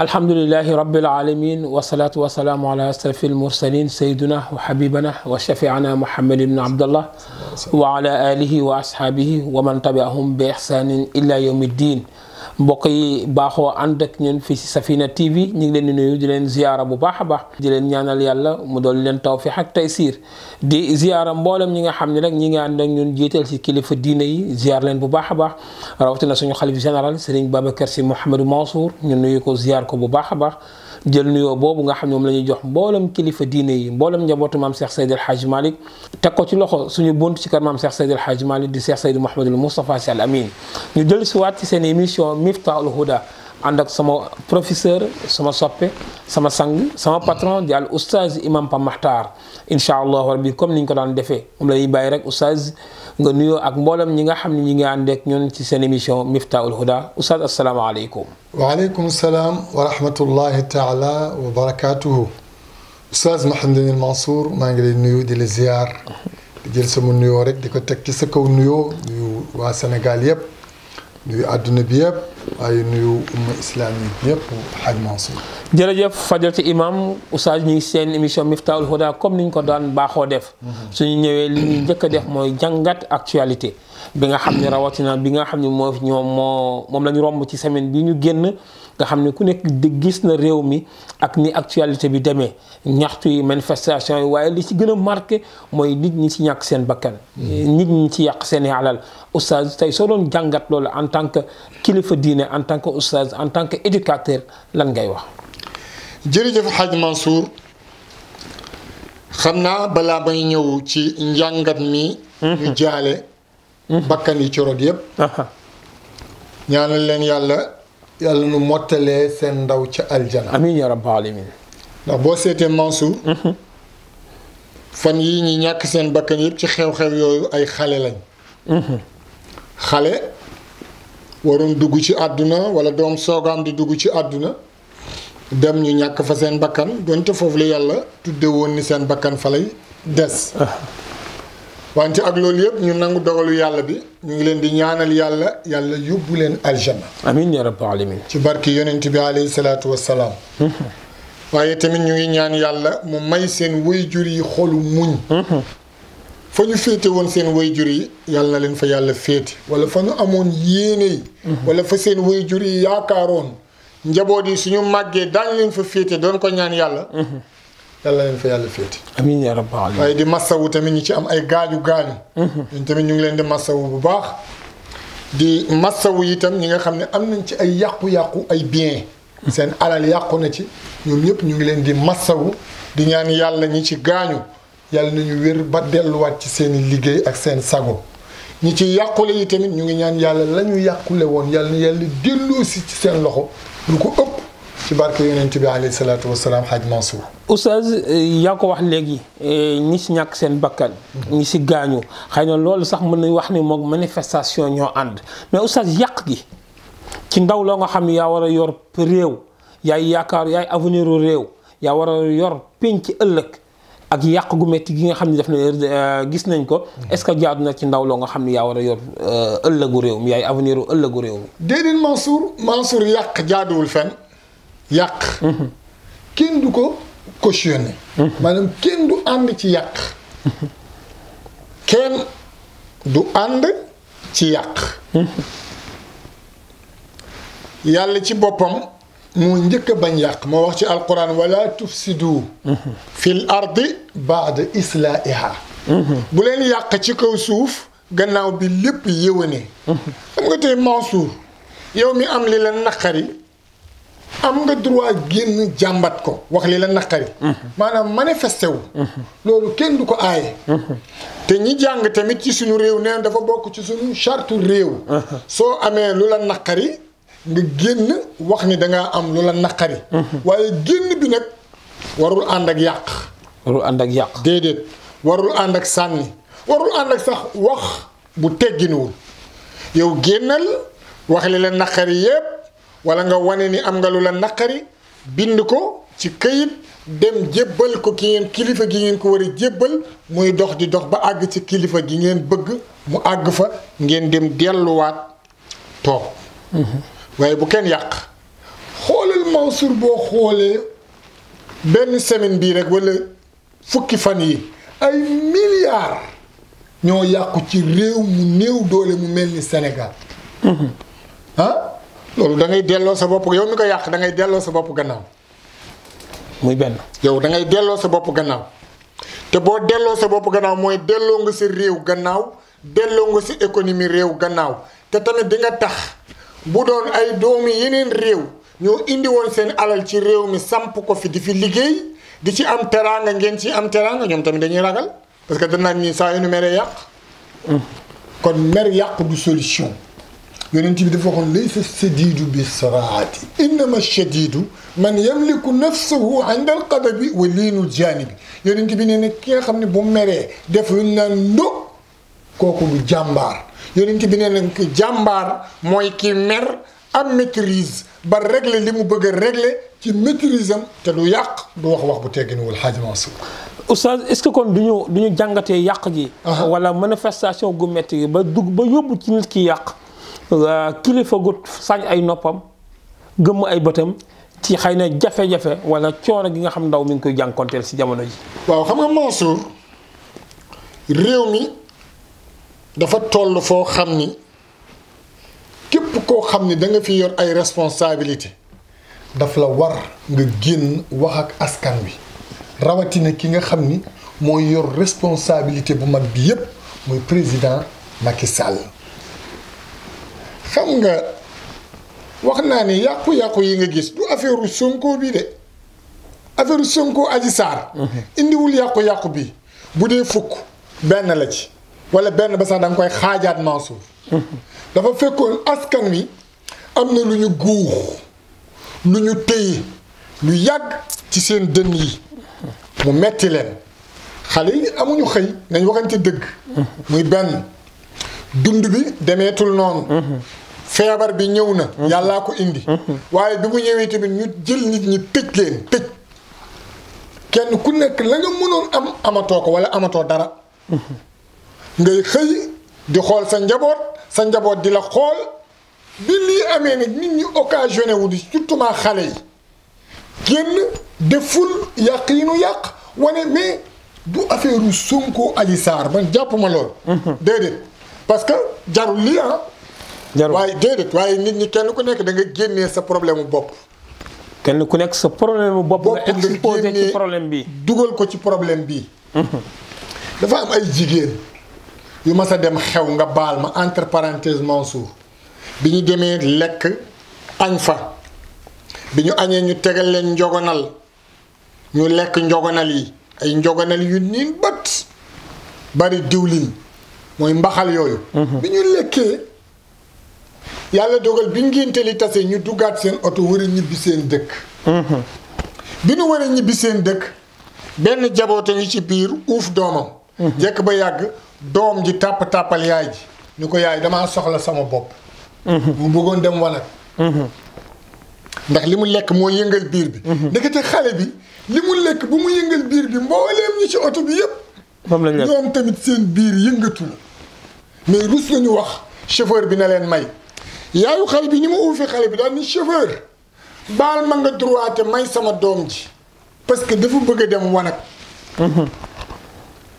الحمد لله رب العالمين والصلاة والسلام على أشرف المرسلين سيدنا وحبيبنا وشفيعنا محمد بن عبد الله وعلى آله وأصحابه ومن تبعهم بإحسان إلى يوم الدين mbokk yi baaxoo ànd ak ñun fii si Safina TV ñu ngi leen di nuyu di leen ziyaara bu baax a baax di leen ñaanal yàlla mu dool leen tawfiq ak siir di ziyaara mboolem ñi nga xam ne rek ñi ngi ànd ak ñun jiital si kilifa diine yi ziyaar leen bu baax a baax rawatina suñu xalif général Serigne Babacar Sy Mouhamadou Mansour ñu nuyu ko ziyaar ko bu baax a baax jël nuyo bobu nga xamni mom lañuy jox mbolam kilifa diine yi mbolam njabootu mam Cheikh sayyid al Hadj malik teg ko ci loxo suñu bunt ci kër mam Cheikh sayyid al Hadj malik di Cheikh sayyid mohammed al mustafa sal Amin ñu jël ci wat ci seen émission Miftahoul huda ànd ak sama professeur sama soppe sama sang sama patron di al oustaz imam Pape Makhtar incha allah rabbi comme niñ ko daan defee moom la ñuy bàyyi rek oustaz nga nuyoo ak mboolem ñi nga xam ne ñi ngi ànd ak ñun ci seen émission Miftahoul Houda oustaz asalaamaaleykum. waaleykum salaam wa rahmatullahi taala wa barakaatuhu. oustaz Mouhamadine Mansour maa ngi lay nuyu di la ziar. di jël sama nuyoo rek di ko teg ci sa kaw nuyoo nuyu waa Sénégal yëpp. nuyu àdduna bi yëpp waaye nuyu umma islamique yëpp xaj Mansour. jërëjëf fajarti imam oustaz ñu ngi seen émission Miftahoul Houda comme ni ñu ko daan baaxoo def. Mhm. suñu ñëwee li ñuy njëkk a def mooy jàngat actualité. bi nga xam ne rawatina bi nga xam ne moo ñoom moo moom la ñu romb ci semaine bi ñu génn. nga xam ne ku nekk gis na réew mi ak ni actualité bi demee ñaxtu yi manifestation yi waaye li ci gën a marqué mooy nit ñi ci ñàkk seen bakkan mm-hmm. nit ñi ci yàq seen i alal oustaz tey soo doon jàngat loolu en tant que kilifa diine en tant que oustaz en tant que éducateur lan ngay wax jërëjëf Hadj Mansour xam naa balaa may ñëw ci njàngat mi ñu mm-hmm. jaale mm-hmm. bakkan yi ci rod yépp ñaanal leen yàlla yàlla nu mottalee seen ndaw ca aljana amiin yaa rabbal ndax boo seetee Mansour mhm. fan yii ñi ñàkk seen bakkan yëpp ci xew-xew yooyu ay xale lañ mhm. xale waroon dugg ci àdduna wala doom soogaam di dugg ci àdduna dem ñu ñàkk fa seen bakkan donte foofu la yàlla tudde woon ni seen bakkan fa lay des ah. wante ak loolu yëpp ñu nangu dogalu yàlla bi ñu ngi leen di ñaanal yàlla yàlla yóbbu leen aljanna amiin ya rabbal alamin ci barki yonent bi alayhi salaatu wassalaam waaye tamit ñu ngi ñaan yàlla mu may seen wayjur yi xolu muñ fa ñu féete woon seen wayjur yi yàlla na leen fa yàlla féete wala fa ñu amoon yéene yi wala fa seen wayjur yi yaakaaroon njaboot yi suñu màggee daañ leen fa féete doon ko ñaan yàlla yàlla leen fa yàlla féeti amiin yaa rabbal aalamiin waaye di massawu tamit ñi ci am ay gaañu gaañu mhm. ñun ñu ngi leen di massawu bu baax di massawu yitam ñi nga xam ne am nañ ci ay yàqu-yàqu ay bien seen alal yàqu na ci ñoom yëpp ñu ngi leen di massawu di ñaan yàlla ñi ci gaañu yàlla nañu wér ba delluwaat ci seen i liggéey ak seen sago ñi ci yàqule yi tamit ñu ngi ñaan yàlla la ñu yàqule woon yàlla na yàlla delloosi ci seen loxo lu ko ëpp ci barke yonent bi alayhi salaatu wa salaam Hadj Mansour. oustaz yaa ko wax léegi ñi si ñàkk seen bakkan. ñi si gaañu xëy na sax mën wax ni moom manifestation ñoo ànd mais oustaz yàq gi ci ndaw la nga xam ne yaa war a yor réew yaay yaakaar yaay avenir u réew yaa war a yor penc ëllëg ak yàq gu métti gi nga xam ne daf na gis nañ ko est-ce que jaadu na ci ndaw loo nga xam ne yaa war yor ëllëgu réew mi yaay avenir u ëllëgu réew Mansour Mansour yàq jaaduwul fenn. yàq kenn du ko cautionné maanaam kenn du ànd ci yàq kenn du ànd ci yàq yàlla ci boppam moo njëkk a bañ yàq moo wax ci alquran wala tufsidu fil ardi baada islaiha bu leen yàq ci kaw suuf gannaaw bi lépp yéwéne xam nga tey Mansour yow mi am li leen naqari am nga droit génn jàmbat ko wax li la naqari. Mhm. maanaam manifesté wu. Mhm. loolu kenn du ko aaye. Mhm. te ñi jàng tamit ci suñu réew neen dafa bokk ci suñu chartu réew. soo amee lu la naqari nga génn wax ni danga am lu la naqari. waaye génn bi nag warul ànd ak yàq. warul ànd ak yàq. déedéet warul ànd ak sànni warul ànd ak sax wax bu tegginuwul yow génnal wax li la naqari yépp wala nga wane ni am nga lu la naqari bind ko ci këyit dem jébbal ko ki ngeen kilifa gi ngeen ko war a jébbal muy dox di dox ba àgg ci kilifa gi ngeen bëgg mu àgg fa ngeen dem delluwaat toog waaye bu kenn yàq xoolal Mansour boo xoolee benn semaine bii rek wala fukki fan yi ay milliards ñoo yàqu ci réew mu néew doole mu mel ni Sénégal mm-hmm. ah? loolu da ngay delo sa bop yow mi ko yak da ngay delo sa bop gannaaw muy ben yow da ngay delo sa bop gannaaw te bo delo sa bop gannaaw moy delo nga ci rew gannaaw delo nga ci economie rew gannaaw te tamit di nga tax bu doon ay doomi yeneen rew ñoo indi won seen alal ci rew mi samp ko fi di fi liggey di ci am teranga ngeen ci am teranga ñom tamit dañuy ragal parce que nañ ni sa yu mere yak mm. kon mer yak du solution يونتي بي دافو ليس الشديد بالصراعات انما الشديد من يملك نفسه عند القدب ولين الجانب يونتي بي نين كي خامني بو ميري ديف ناندو كوكو بو جامبار يونتي بي نين كي جامبار موي كي مير ام ميتريز با ريغلي لي مو بغي ريغلي تي ميتريزم تا دو ياق دو واخ واخ بو تيغن ول حاج ناصر استاذ اسكو كون بينو بينو جانغاتي ياق جي ولا مانيفستاسيون غو ميتري با دوغ با يوبو تي نيت كي ياق Euh, kilifa gu saañ ay noppam gëmm ay bëtam ci xëy na jafe-jafe wala coono gi nga xam ndaw mi ngi koy jànkonteel si jamono ji. waaw xam nga Mansour réew mi dafa toll foo xam ni képp koo xam ni danga fi yor ay responsabilité daf la war nga génn wax ak askan wi rawatina ki nga xam ni mooy yor responsabilité bu mag bi yépp muy président Macky Sall. xam nga wax naa ne yàqu-yàqu yi nga gis du affaire Sonko bi de affaire Sonko Adji Sarr mhm. indiwul yàqu-yàqu bi bu dee fukk benn la ci wala benn ba sax da koy xaajaat Mansour mhm. dafa fekkoon askan wi am na lu ñu guux lu ñu téye lu yàgg ci seen dënn yi mu metti leen xale yi amuñu xëy nañ waxante dëgg mhm. muy benn dund bi demeetul noonu feebar bi ñëw na. Mhm. yàllaa ko indi. Mhm. waaye bi mu ñëwee tamit ñu jël nit ñi tëj leen tëj. kenn ku nekk la nga mënoon am amatoo ko wala amatoo dara. Mhm. ngay xëy di xool sa njaboot sa njaboot di la xool bi lii amee nag nit ñi occasionné wu di surtout xale yi génn deful yàq yi nu yàq wane mais du affaire u Sonko Adji Sarr man jàpp ma lool. déedéet parce que jarul lii ah. jarul waaye déedéet waaye nit ñi kenn ku nekk da nga génnee sa problème mu bopp. kenn ku nekk sa problème mu bopp. nga exposé ci problème bi dugal ko ci problème bi. dafa am ay jigéen yu mas a dem xew nga baal ma entre parenthèse Mansour bi ñu demee lekk añ fa bi ñu añee ñu tegal leen njogonal ñu lekk njogonal yi ay njogonal yu niin bët bari diwlin mooy mbaxal yooyu. Mhm. bi ñu lekkee. yàlla dogal bi ngénte li tase ñu duggaat seen oto war a ñibbi seen dëkk bi nu war a ñibbi seen dëkk benn jaboote ngi ci biir uuf doomam jekk ba yàgg doom ji tàpp tàppal yaay ji ñu ko yaay damaa soxla sama bopp mu bëggoon dem wanag ndax li mu lekk moo yëngal biir bi ndekete xale bi li mu lekk bu mu yëngal biir bi mbooleem ñu ci oto bi yëpp ñoom tamit seen biir yëngatu la mais rus nañu wax chauffeur bi na leen may yaayu xale bi ni mu uufe xale bi daal ni chauffeur baal ma nga droité may sama doom ji parce que dafa bëgg a dem wanag mhm.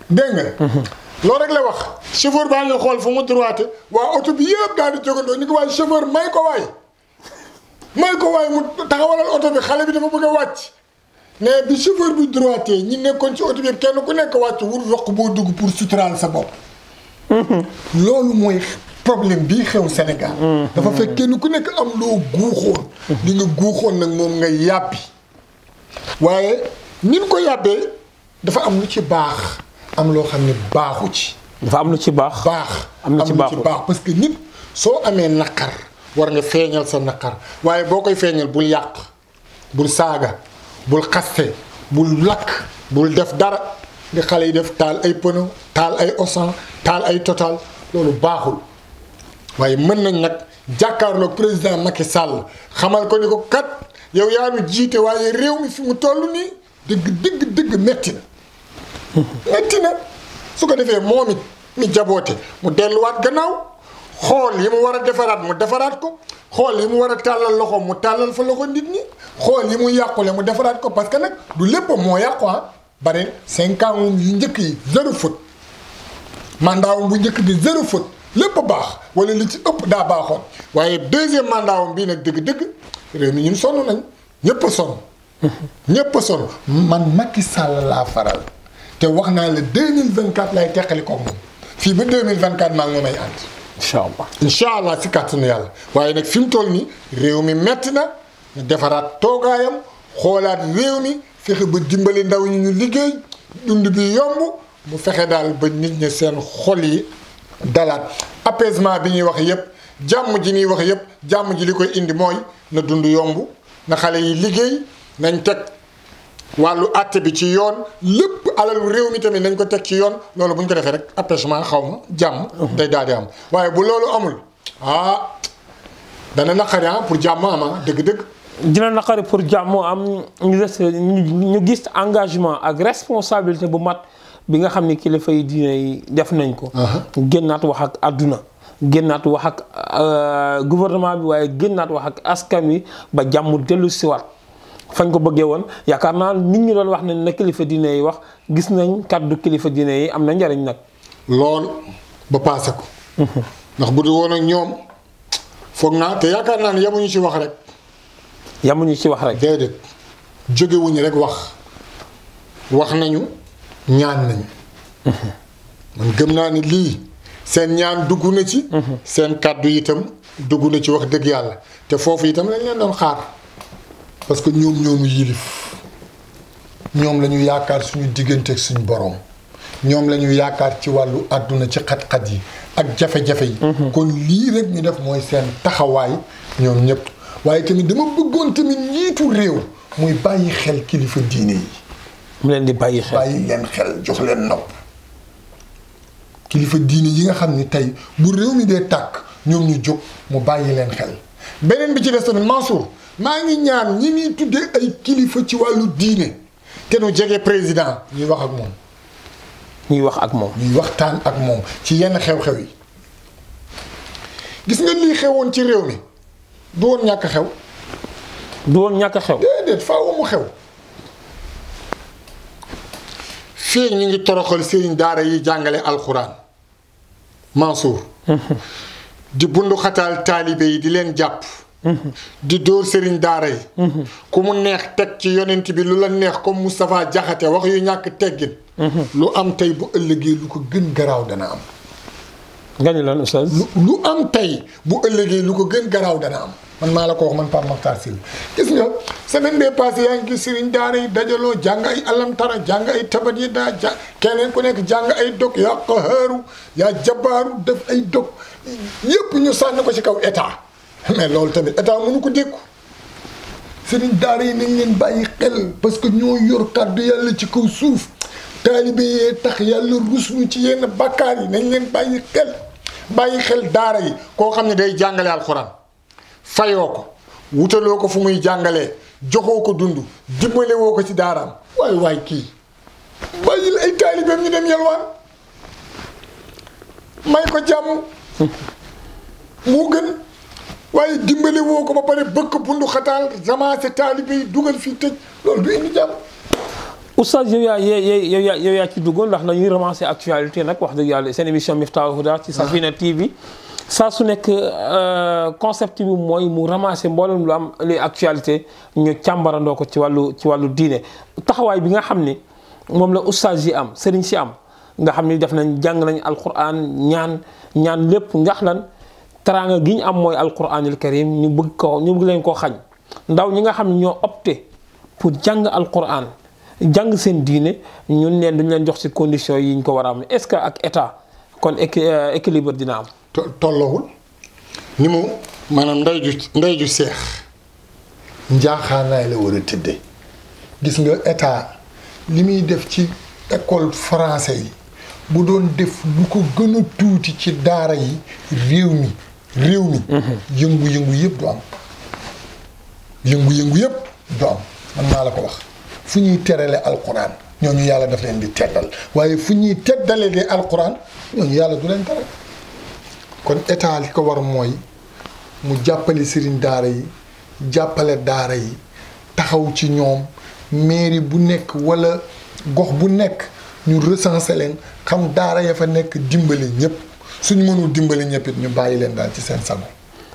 dégg nga mhm. loolu rek la wax chauffeur baa ngi xool fu mu droité waa oto bi yëpp daal di jógandoo ñu ko waaye chauffeur may ko waay may ko waay mu taxawalal oto bi xale bi dafa bëgg a wàcc mais bi chauffeur bi droité ñi nekkoon ci oto bi kenn ku nekk wàcc wul roq boo dugg pour suturaal sa bopp mhm. loolu mooy problème bii xew Sénégal. Mm. dafa fekk kenn ku nekk am loo guuxoon. li nga guuxoon nag moom nga yàbbi. waaye ni ko yàbbee dafa am lu ci baax am loo xam ne baaxu ci. dafa am lu ci baax. baax am lu ci baax parce que nit soo amee naqar war nga feeñal sa naqar waaye boo koy feeñal bul yàq bul saaga bul xaste bul lakk bul def dara nga xale yi def taal ay pono taal ay osan taal ay total loolu baaxul. waaye mën nañ nag jàkkaarloo président Macky Sall xamal ko ni ko kat yow yaa nu jiite waaye réew mi fi mu toll nii dëgg dëgg dëgg metti na metti na su ko defee moom it mi jaboote mu delluwaat gannaaw xool yi mu war a defaraat mu defaraat ko xool yi mu war a tàllal loxo mu tàllal fa loxo nit ñi xool yi mu yàqule mu defaraat ko parce que nag du lépp moo yàqu ah bare cinq ans yu njëkk yi zéro faute mandat bu njëkk bi zéro faute lépp a baax wala li ci ëpp daa baaxoon waaye deuxième mandat woon bii nag dëgg-dëgg réew mi ñun sonn nañ ñëpp a sonn. ñëpp a sonn man Macky Sall laa faral te wax naa la 2024 lay teqali ko moom fii ba 2024 maa ngi moom ay ànd. incha allah incha allah si yàlla waaye nag fi mu toll nii réew mi metti na ñu defaraat toogaayam xoolaat réew mi fexe ba dimbali ndaw ñi ñu liggéey dund bi yomb mu fexe daal ba nit ñi seen xol yi. dalaat apaisement bi ñuy wax yëpp jàmm ji ñuy wax yëpp jàmm ji li koy indi mooy na dund yomb na xale yi liggéey nañ teg wàllu atte bi ci yoon lépp alalu réew mi tamit nañ ko teg ci yoon loolu bu ñu defee rek apaisement xaw ma jàmm day daal di am waaye bu loolu amul ah dana naqari ah pour jàmm ama ah, dëgg-dëgg dina naqari pour jàmm am ñu des ñu gis engagement ak responsabilité bu mat bi nga xam ne kilifa yi diine yi def nañ ko. génnaat wax ak àdduna. génnaat wax ak euh, gouvernement bi waaye génnaat wax ak askan wi ba jàmm dellu siwaat fañ ko bëggee woon yaakaar naa nit ñi doon wax nañ na kilifa diine yi wax gis nañ kàddu kilifa diine yi am na njariñ nag. lool ba paase ko. ndax bu dul woon ak ñoom foog naa te yaakaar naa ne yamuñu ci wax rek. yamuñu ci wax rek. déedéet rek wax wax nañu. ñaan nañu man gëm naa ni lii seen ñaan dugg na ci seen kàddu yitam dugg na ci wax dëgg yàlla te foofu itam lañ leen doon xaar parce que ñoom ñoomu yilif ñoom la ñu yaakaar suñu diggante ak suñu borom ñoom la yaakaar ci wàllu àdduna ci xat-xat yi ak jafe-jafe yi kon lii rek ñu def mooy seen taxawaay ñoom ñëpp waaye tamit dama bëggoon tamit njiitu réew muy bàyyi xel kilifa diine yi mu leen di bàyyi xel bàyyi leen xel jox leen nopp kilifa diini yi nga xam ni tey bu réew mi dee tàkk ñoom ñu jóg mu bàyyi leen xel beneen bi ci des tamit maa ngi ñaar ñi ñuy tuddee ay kilifa ci wàllu diine te nu jege président ñuy wax ak moom ñuy wax ak moom waxtaan ak moom ci yenn xew-xew yi gis nga lii xewoon ci réew mi du woon ñàkk xew du woon ñàkk xew déedéet faaw xew fii ñu ngi toroxal sëriñ daara yi jàngale alxuraan Mansour. di bundu xataal taalibe yi di leen jàpp. di dóor sëriñ daara yi. ku mu neex teg ci yonent bi lu la neex comme Moustapha Jaxate wax yu ñàkk teggin. lu am tey bu ëllëgee lu ko gën garaaw dana am. nga ni lan oustaz lu am tey bu ëllëgee lu ko gën garaaw dana am man maa la ko wax man Pape Makhtar Sylla gis nga semaine bee passé yaa ngi gis sëriñ daara yi dajaloo jàng ay alamtara jàng ay tabat yi daa ja keneen ku nekk jàng ay dog yaa qaharu yaa jabaaru def ay dog yépp ñu sànn ko ci kaw état mais loolu tamit état mënu ko dékku sëriñ daara yi nañ leen bàyyi xel parce que ñoo yor kàddu yàlla ci kaw suuf taalibe yee tax yàlla rus ñu ci yenn bàkkaar yi nañ leen bàyyi xel bàyyi xel daara yi koo xam ne day jàngale alxuraan fayoo ko wutaloo ko fu muy jàngale joxoo ko dund dimbale ko ci daaraam waay waay kii bàyyil ay taalibeem ñu dem yalwaan may ko jàmm moo gën waaye dimbale woo ko ba pare bëkk bundu xataal ramassé taalibe dugal fii tëj loolu du indi jàmm oustaz yow yaa yow yaa yow yaa ci duggoon actualité nag wax dëgg yàlla seen émission Miftahul Huda ci Safina ah. TV. saa su nekk euh, concept bi mooy mu ramasser mboolem lu am luy actualité ñu càmbarandoo ko ci wàllu ci wàllu diine taxawaay bi nga xam ni moom la oustaz yi am sëriñ si am nga xam ni def nañ jàng nañ alquran ñaan ñaan lépp ngax lan teraanga gi ñu am mooy alquranil karim ñu bëgg ko ñu bëgg leen koo xañ ndaw ñi nga xam ñoo opté pour jàng alquran jàng seen diine ñun leen duñ leen jox ci condition yi ñu ko war a am est-ce que ak état kon euh, équilibre dina am. tolloowul ni mu maanaam ndey ju ndey ju seex njaaxaanaay la war a tëddee gis nga état li muy def ci école français yi bu doon def lu ko gën a tuuti ci daara yi réew mi réew mi. Mhm. yëngu-yëngu yëpp du am yëngu-yëngu yëpp du am man naa la ko wax. fu ñuy terale alquran ñooñu yàlla def leen di teddal waaye fu ñuy teddale di alquran ñooñu yàlla du leen tere kon état li ko war mooy mu jàppale sëriñ daara yi jàppale daara yi taxaw ci ñoom mairie bu nekk wala gox bu nekk ñu recensé leen xam daara ya fa nekk dimbali ñëpp suñ mënul dimbali ñëpp it ñu bàyyi leen daal ci seen sago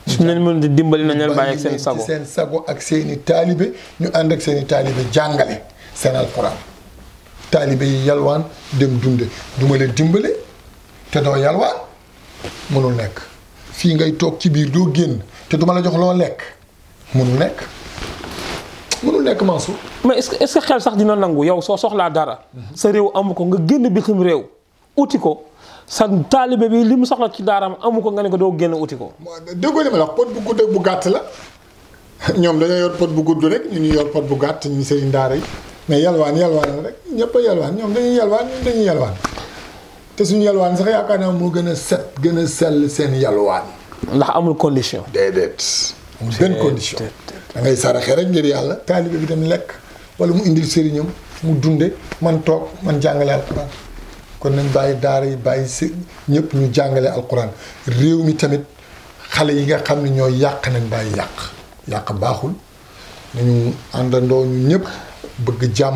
suñ leen mën di dimbali nañ leen bàyyi ak seen sago seen sago ak seen i taalibe ñu ànd ak seen i taalibe jàngale seen alxuraan taalibe yi yalwaan dem dunde duma leen dimbale te doo yalwaan mënul nekk fii ngay toog ci biir doo génn te duma la jox loo lekk mënul nekk mënul nekk Mansour mais est-ce que xel sax dina nangu yow soo soxlaa dara sa réew amu ko nga génn bitim réew uti ko sa taalibe bi li mu soxla ci daaraam amu ko nga ne ko doo génn uti ko. déggoo li a la wax pot bu gudd bu gàtt la ñoom dañoo yor pot bu gudd rek ñu ñu yor pot bu gàtt ñu sëriñ daara yi mais yalwaan yalwaan rek ñëpp a yalwaan ñoom dañuy yalwaan ñun dañuy yalwaan te suñu yalwaan sax yaakaar naa moo gën a set gën a sell seen yalwaan. ndax amul condition. déedéet. amul benn condition. da ngay saraxe rek ngir yàlla. taalibe bi dem lekk wala mu indil sëriñam mu dunde man toog man jàngale kon nañ bàyyi daara yi bàyyi si ñëpp ñu jàngale alquran réew mi tamit xale yi nga xam ni ñoo yàq nañ bàyyi yàq yàq baaxul nañu àndandoo ñu ñëpp bëgg jàmm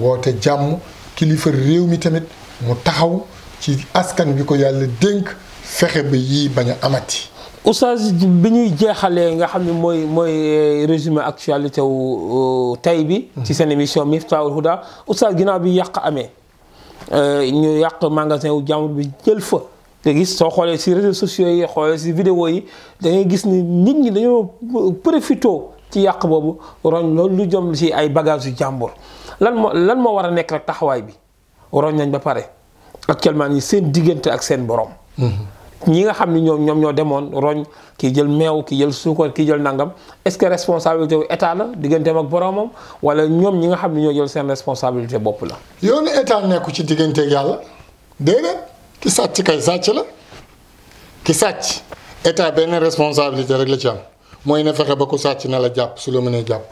woote jàmm kilifa réew mi tamit mu taxaw ci askan bi ko yàlla dénk fexe ba yii bañ a amati oustaz bi ñuy jeexalee nga xam ne mooy mooy euh, résumé actualité wu euh, tey bi mm-hmm. ci seen émission Miftahoul Houda oustaz ginnaaw bi yàq amee Euh, ñu yàq magasin wu jàmbur bi jël fa te gis soo xoolee si réseaux sociaux yi xoolee si vidéo yi dangay gis ni nit ñi dañoo profito ci yàq boobu roñ loolu lu jom si ay bagages yu jàmbur lan moo lan moo war a nekk rek taxawaay bi roñ nañ ba pare actuellement nii seen diggante ak seen borom. Mm-hmm. ñi nga xam ni ñoom ñoom ñoo demoon roñ ki jël meew ki jël suukar ki jël nangam est-ce que responsabilité wu état la digganteem ak boromam wala ñoom ñi nga xam ni ñoo jël seen responsabilité bopp la. yoonu état nekku ci digganteeg yàlla déedéet ki sàcc kay sàcc la ki sàcc état benn responsabilité rek la ci am mooy na fexe ba ku sàcc na la jàpp su la mënee jàpp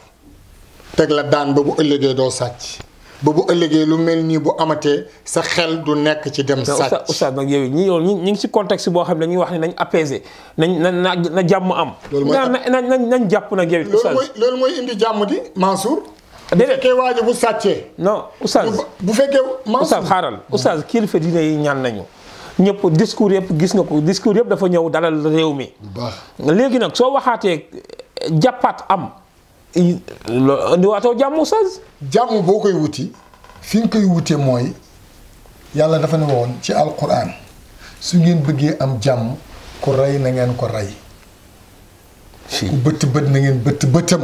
teg la daan ba bu ëllëgee doo sàcc. ba bu ëllëgee lu mel nii bu amatee sa xel du nekk ci dem. sàcc oustaz nag yow ñi yow ñi ñu ngi si contexte boo xam ne dañuy wax ne nañ apaiser nañ na na na jàmm am. loolu mooy na nañ jàpp nag yow. oustaz loolu mooy loolu mooy indi jàmm di Mansour. déedéet bu fekkee waaj bu sàccee. no oustaz bu fekkee Mansour. oustaz xaaral oustaz kilifa diine yi ñaan nañu. ñëpp discours yëpp gis nga ko discours yëpp dafa ñëw dalal réew mi. bu léegi nag soo waxaatee jàppaat am. indiwaatoo jàmm Oustaz. jàmm boo koy wuti fi nga koy wutee mooy yàlla dafa ne woon ci alquran su ngeen bëggee am jàmm ku rey na ngeen ko rey. ku bëtt bët na ngeen bëtt bëtam.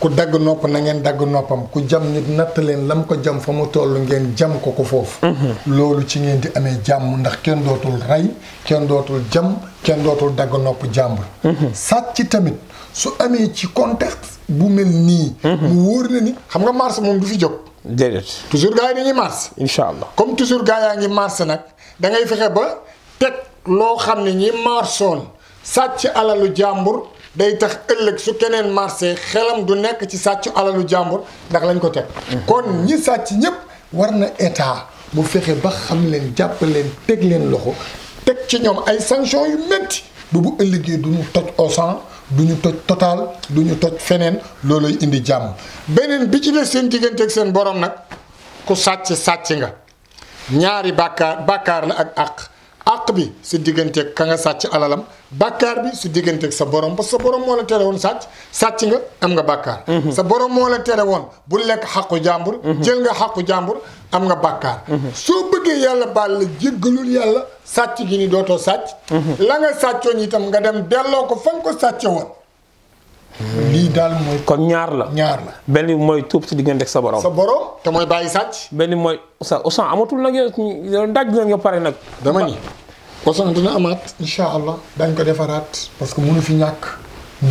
ku dagg nopp na ngeen dagg noppam ku jam nit natt leen lam ko jam fa mu toll ngeen jam ko ko foofu. Mhm. loolu ci ngeen di amee jàmm ndax kenn dootul rey kenn dootul jam kenn dootul dagg nopp jàmbur. Mhm. sàcc tamit su amee ci contexte bu mel nii. Mhm. mu wóor na ni xam nga mars moom du fi jóg. déedéet toujours gars yi dañuy mars. incha allah comme toujours gars yaa ngi mars nag da ngay fexe ba teg loo xam ne ñi marsoon sàcc alalu jàmbur day tax ëllëg su keneen marsé xelam du nekk ci sàcc alalu jàmbur ndax lañ ko teg. Mhm. kon ñi sàcc ñëpp war na état bu fexe ba xam leen jàpp leen teg leen loxo teg ci ñoom ay sanctions yu métti bu bu ëllëgee du ñu toj au du ñu toj total du ñu toj feneen loolay indi jàmm beneen bi ci des seen diggante ak seen borom nag ku sàcc sàcc nga ñaari bàkkaar bàkkaar la ak àq àq bi sa digganteeg ka nga sàcc alalam bàkkaar bi su digganteeg sa borom ba sa borom moo la tere woon sàcc sàcc nga am nga bàkkaar mhm. sa borom moo la tere woon bu lekk xàqu jàmbur mhm. jël nga xàqu jàmbur am nga bàkkaar mhm. soo bëggee yàlla baal la jéggalul yàlla sàcc gi ni dootoo sàcc la nga sàccoon itam nga dem delloo ko fa ko sàcce woon lii daal mooy. kon ñaar la ñaar la. benn mooy tuub si diggante ak sa borom. sa borom te mooy bàyyi sàcc. benn mooy oustaz oustaz amatul nag yow na nga pare nag. dama ni oustaz dina amaat. incha allah dañ ko defaraat. parce que mënu fi ñàkk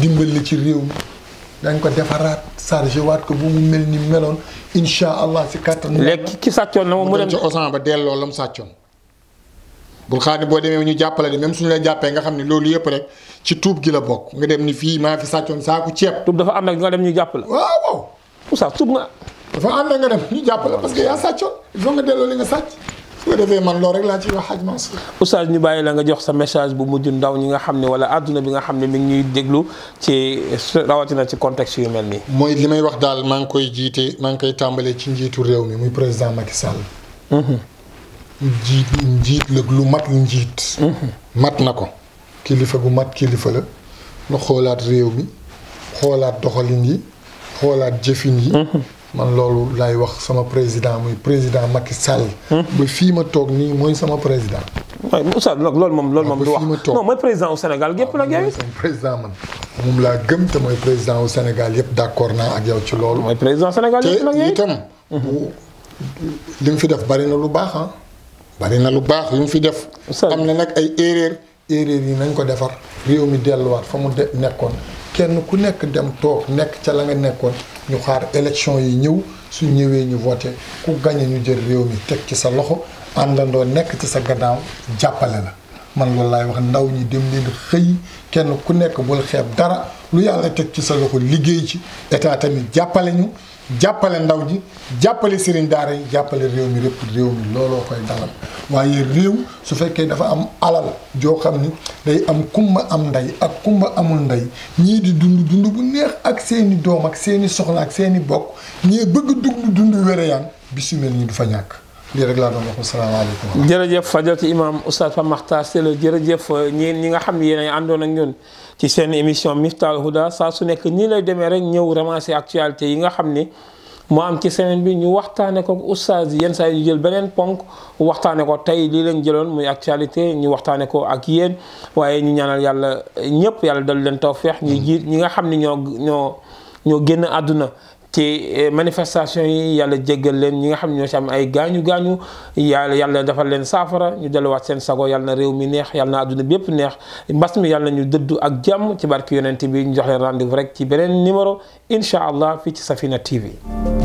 dimbal la ci réew mi dañ ko defaraat chargé waat ko bu mu mel ni meloon incha allah si kattan. léegi ki sàccoon na mu dem ci oustaz ba delloo la mu sàccoon. bul xaar ni boo demee ñu jàppale de même suñu lay jàppee nga xam ne loolu yëpp rek ci tuub gi la bokk nga dem ni fii maa fi sàccoon saaku ceeb. tuub dafa am nag nga dem ñu jàppale. waaw waaw. oustaz tuub dafa ànd nga dem ñu jàppale parce que yaa sàccoon il nga delloo li nga sàcc su ko defee man loolu rek laa ci wax xaj ma. ñu bàyyi la nga jox sa message bu mujj ndaw ñi nga xam ne wala àdduna bi nga xam ne mi ngi ñuy déglu ci rawatina ci context yu mel nii. mooy li may wax daal maa ngi koy jiite maa ngi koy tàmbalee ci njiitu réew mi muy président Macky njiit njiit la lu mat njiit. Mm-hmm. mat na ko. kilifa gu mat kilifa la nu xoolaat réew mi xoolaat doxalin yi xoolaat jëfin yi. Mm-hmm. man loolu laay wax sama président muy président Macky Sall. Mm-hmm. ba fii ma toog nii mooy sama président. waaw Oustaz loolu moom loolu moom. du wax non mooy président wu Sénégal gépp nag ah, yow man. moom laa gëm te mooy président wu Sénégal yëpp d' accord naa ak yow ci loolu. mooy président Sénégal yëpp nag te itam. li mu fi def bari na lu baax ah. bari na lu baax yu mu fi def. am na nag ay éeréer erreur yi nañ ko defar réew mi delluwaat fa mu de nekkoon kenn ku nekk dem toog nekk ca la nga nekkoon ñu xaar élection yi ñëw su ñëwee ñu voté ku gañe ñu jël réew mi teg ci sa loxo àndandoo nekk ci sa gannaaw jàppale la. man loolu laay wax ndaw ñi dem leen xëy kenn ku nekk bul xeeb dara lu yàlla teg ci sa loxo liggéey ci état tamit jàppale ñu. jàppale ndaw ji jàppale sëriñ daara yi jàppale réew mi répp réew mi looloo koy dalal waaye réew su fekkee dafa am alal joo xam ni day am kumba am ndey ak kumba amul ndey ñii di dund dund bu neex ak seeni doom ak seeni soxla ak seeni bokk ñii bëgg dund dund wereyaan bisu mel ni du fa ñàkk lii rek laa doon wax asalaamaaleykum jërëjëf fajal ci imaam oustaz Pape Makhtar Sylla jërëjëf euh, ñeen ñi nga xam ne yéen a àndoon ak ñun ci seen émission Miftal Huda saa su nekk nii lay demee rek ñëw ramasser actualité yi nga xam ni moo am ci semaine bi ñu waxtaane ko oustaz yi yenn saa yi ñu jël beneen ponk waxtaane ko tey lii lañ jëloon muy actualité ñu waxtaane ko ak yéen waaye ñu ñaanal yàlla ñëpp yàlla dal leen tawfeex ñu jiit ñi nga xam ni ñoo ñoo ñoo génn àdduna ci manifestation yi yàlla jéggal len ñi nga xamni ñoo ci am ay gañu gañu yàlla yàlla defal len safara ñu delu wat sen sago yàlla na rew mi neex yàlla na aduna bëpp neex mbas mi yàlla ñu dëddu ak jàmm ci barki yonent bi ñu jox leen rendez-vous rek ci benen numéro inshallah fi ci Safina TV.